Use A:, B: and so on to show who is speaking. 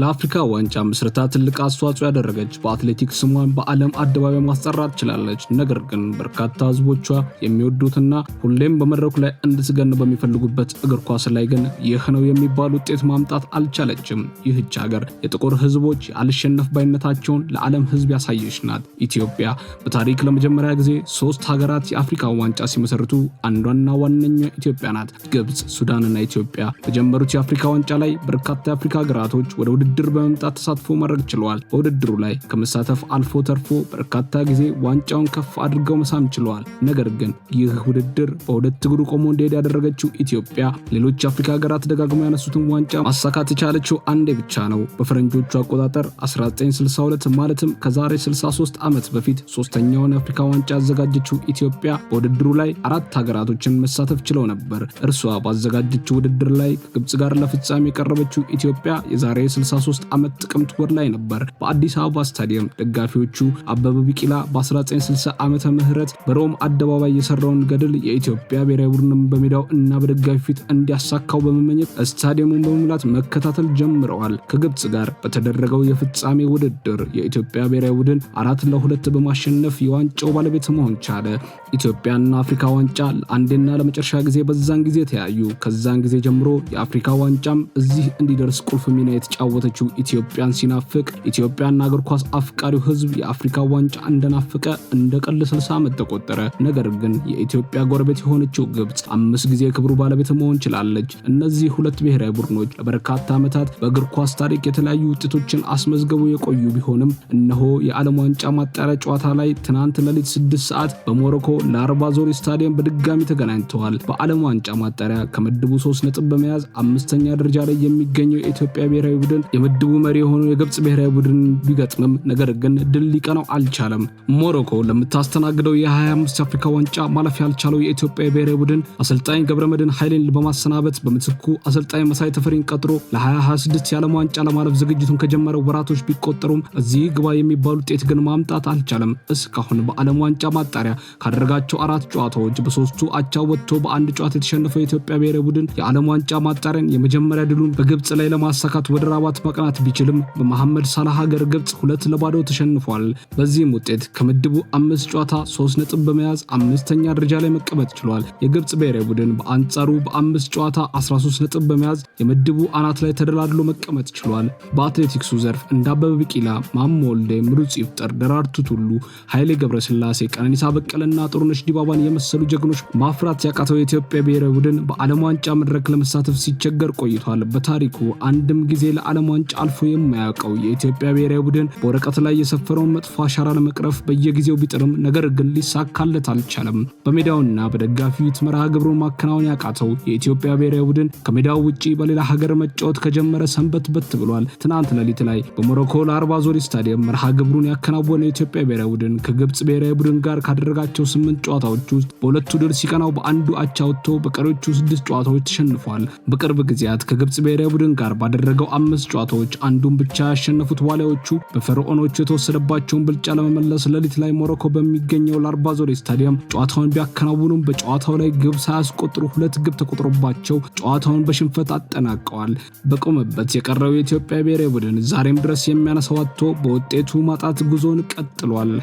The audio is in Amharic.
A: ለአፍሪካ ዋንጫ ምስረታ ትልቅ አስተዋጽኦ ያደረገች በአትሌቲክስ ስሟን በዓለም አደባባይ ማስጠራት ችላለች። ነገር ግን በርካታ ህዝቦቿ የሚወዱትና ሁሌም በመድረኩ ላይ እንድትገን በሚፈልጉበት እግር ኳስ ላይ ግን ይህ ነው የሚባል ውጤት ማምጣት አልቻለችም። ይህች ሀገር የጥቁር ህዝቦች አልሸነፍ ባይነታቸውን ለዓለም ህዝብ ያሳየች ናት። ኢትዮጵያ በታሪክ ለመጀመሪያ ጊዜ ሶስት ሀገራት የአፍሪካ ዋንጫ ሲመሰርቱ አንዷና ዋነኛ ኢትዮጵያ ናት። ግብፅ፣ ሱዳንና ኢትዮጵያ በጀመሩት የአፍሪካ ዋንጫ ላይ በርካታ የአፍሪካ ሀገራቶች ወደ ውድድር በመምጣት ተሳትፎ ማድረግ ችለዋል። በውድድሩ ላይ ከመሳተፍ አልፎ ተርፎ በርካታ ጊዜ ዋንጫውን ከፍ አድርገው መሳም ችለዋል። ነገር ግን ይህ ውድድር በሁለት እግሩ ቆሞ እንዲሄድ ያደረገችው ኢትዮጵያ ሌሎች የአፍሪካ ሀገራት ደጋግመው ያነሱትን ዋንጫ ማሳካት የቻለችው አንዴ ብቻ ነው። በፈረንጆቹ አቆጣጠር 1962 ማለትም ከዛሬ 63 ዓመት በፊት ሶስተኛውን የአፍሪካ ዋንጫ ያዘጋጀችው ኢትዮጵያ በውድድሩ ላይ አራት ሀገራቶችን መሳተፍ ችለው ነበር። እርሷ ባዘጋጀችው ውድድር ላይ ከግብፅ ጋር ለፍጻሜ የቀረበችው ኢትዮጵያ የዛሬ 2013 ዓመት ጥቅምት ወር ላይ ነበር በአዲስ አበባ ስታዲየም ደጋፊዎቹ አበበ ቢቂላ በ1960 ዓመተ ምህረት በሮም አደባባይ የሰራውን ገድል የኢትዮጵያ ብሔራዊ ቡድንም በሜዳው እና በደጋፊ ፊት እንዲያሳካው በመመኘት ስታዲየሙን በመሙላት መከታተል ጀምረዋል። ከግብፅ ጋር በተደረገው የፍጻሜ ውድድር የኢትዮጵያ ብሔራዊ ቡድን አራት ለሁለት በማሸነፍ የዋንጫው ባለቤት መሆን ቻለ። ኢትዮጵያና አፍሪካ ዋንጫ ለአንዴና ለመጨረሻ ጊዜ በዛን ጊዜ ተያዩ። ከዛን ጊዜ ጀምሮ የአፍሪካ ዋንጫም እዚህ እንዲደርስ ቁልፍ ሚና የተጫወ የተጫወተችው ኢትዮጵያን ሲናፍቅ ኢትዮጵያና እግር ኳስ አፍቃሪው ህዝብ የአፍሪካ ዋንጫ እንደናፈቀ እንደ ቀል 60 ዓመት ተቆጠረ። ነገር ግን የኢትዮጵያ ጎረቤት የሆነችው ግብፅ አምስት ጊዜ የክብሩ ባለቤት መሆን ችላለች። እነዚህ ሁለት ብሔራዊ ቡድኖች ለበርካታ ዓመታት በእግር ኳስ ታሪክ የተለያዩ ውጤቶችን አስመዝግበው የቆዩ ቢሆንም እነሆ የዓለም ዋንጫ ማጣሪያ ጨዋታ ላይ ትናንት ሌሊት 6 ሰዓት በሞሮኮ ለአርባ ዞሪ ስታዲየም በድጋሚ ተገናኝተዋል። በዓለም ዋንጫ ማጣሪያ ከምድቡ 3 ነጥብ በመያዝ አምስተኛ ደረጃ ላይ የሚገኘው የኢትዮጵያ ብሔራዊ ቡድን የምድቡ መሪ የሆነው የግብፅ ብሔራዊ ቡድን ቢገጥምም ነገር ግን ድል ሊቀነው አልቻለም። ሞሮኮ ለምታስተናግደው የ25 አፍሪካ ዋንጫ ማለፍ ያልቻለው የኢትዮጵያ ብሔራዊ ቡድን አሰልጣኝ ገብረመድን ኃይሌን በማሰናበት በምትኩ አሰልጣኝ መሳይ ተፈሪን ቀጥሮ ለ2026 የዓለም ዋንጫ ለማለፍ ዝግጅቱን ከጀመረ ወራቶች ቢቆጠሩም እዚህ ግባ የሚባል ውጤት ግን ማምጣት አልቻለም። እስካሁን በዓለም ዋንጫ ማጣሪያ ካደረጋቸው አራት ጨዋታዎች በሶስቱ አቻ ወጥቶ በአንድ ጨዋታ የተሸነፈው የኢትዮጵያ ብሔራዊ ቡድን የዓለም ዋንጫ ማጣሪያን የመጀመሪያ ድሉን በግብፅ ላይ ለማሳካት ወደ ራባት ቅጣት መቅናት ቢችልም በመሐመድ ሳላህ ሀገር ግብፅ ሁለት ለባዶ ተሸንፏል። በዚህም ውጤት ከምድቡ አምስት ጨዋታ ሶስት ነጥብ በመያዝ አምስተኛ ደረጃ ላይ መቀመጥ ችሏል። የግብፅ ብሔራዊ ቡድን በአንጻሩ በአምስት ጨዋታ 13 ነጥብ በመያዝ የምድቡ አናት ላይ ተደላድሎ መቀመጥ ችሏል። በአትሌቲክሱ ዘርፍ እንዳበበ ቢቂላ፣ ማሞ ወልዴ፣ ምሩጽ ይፍጠር፣ ደራርቱ ቱሉ፣ ኃይሌ ገብረስላሴ፣ ቀነኒሳ በቀለና ጥሩነሽ ዲባባን የመሰሉ ጀግኖች ማፍራት ያቃተው የኢትዮጵያ ብሔራዊ ቡድን በዓለም ዋንጫ መድረክ ለመሳተፍ ሲቸገር ቆይቷል። በታሪኩ አንድም ጊዜ ለዓለም የዓለም ዋንጫ አልፎ የማያውቀው የኢትዮጵያ ብሔራዊ ቡድን በወረቀት ላይ የሰፈረውን መጥፎ አሻራ ለመቅረፍ በየጊዜው ቢጥርም ነገር ግን ሊሳካለት አልቻለም። በሜዳውና በደጋፊ ፊት መርሃ ግብሩን ማከናወን ያቃተው የኢትዮጵያ ብሔራዊ ቡድን ከሜዳው ውጪ በሌላ ሀገር መጫወት ከጀመረ ሰንበት በት ብሏል። ትናንት ሌሊት ላይ በሞሮኮ ለአርባ ዞሪ ስታዲየም መርሃ ግብሩን ያከናወነ የኢትዮጵያ ብሔራዊ ቡድን ከግብፅ ብሔራዊ ቡድን ጋር ካደረጋቸው ስምንት ጨዋታዎች ውስጥ በሁለቱ ድል ሲቀናው በአንዱ አቻ ወጥቶ በቀሪዎቹ ስድስት ጨዋታዎች ተሸንፏል። በቅርብ ጊዜያት ከግብፅ ብሔራዊ ቡድን ጋር ባደረገው አምስት ጨዋታዎች አንዱን ብቻ ያሸነፉት ዋሊያዎቹ በፈርዖኖቹ የተወሰደባቸውን ብልጫ ለመመለስ ሌሊት ላይ ሞሮኮ በሚገኘው ላርባዞሬ ስታዲየም ጨዋታውን ቢያከናውኑም በጨዋታው ላይ ግብ ሳያስቆጥሩ ሁለት ግብ ተቆጥሮባቸው ጨዋታውን በሽንፈት አጠናቀዋል። በቆመበት የቀረው የኢትዮጵያ ብሔራዊ ቡድን ዛሬም ድረስ የሚያነሳው አጥቶ በውጤቱ ማጣት ጉዞን ቀጥሏል።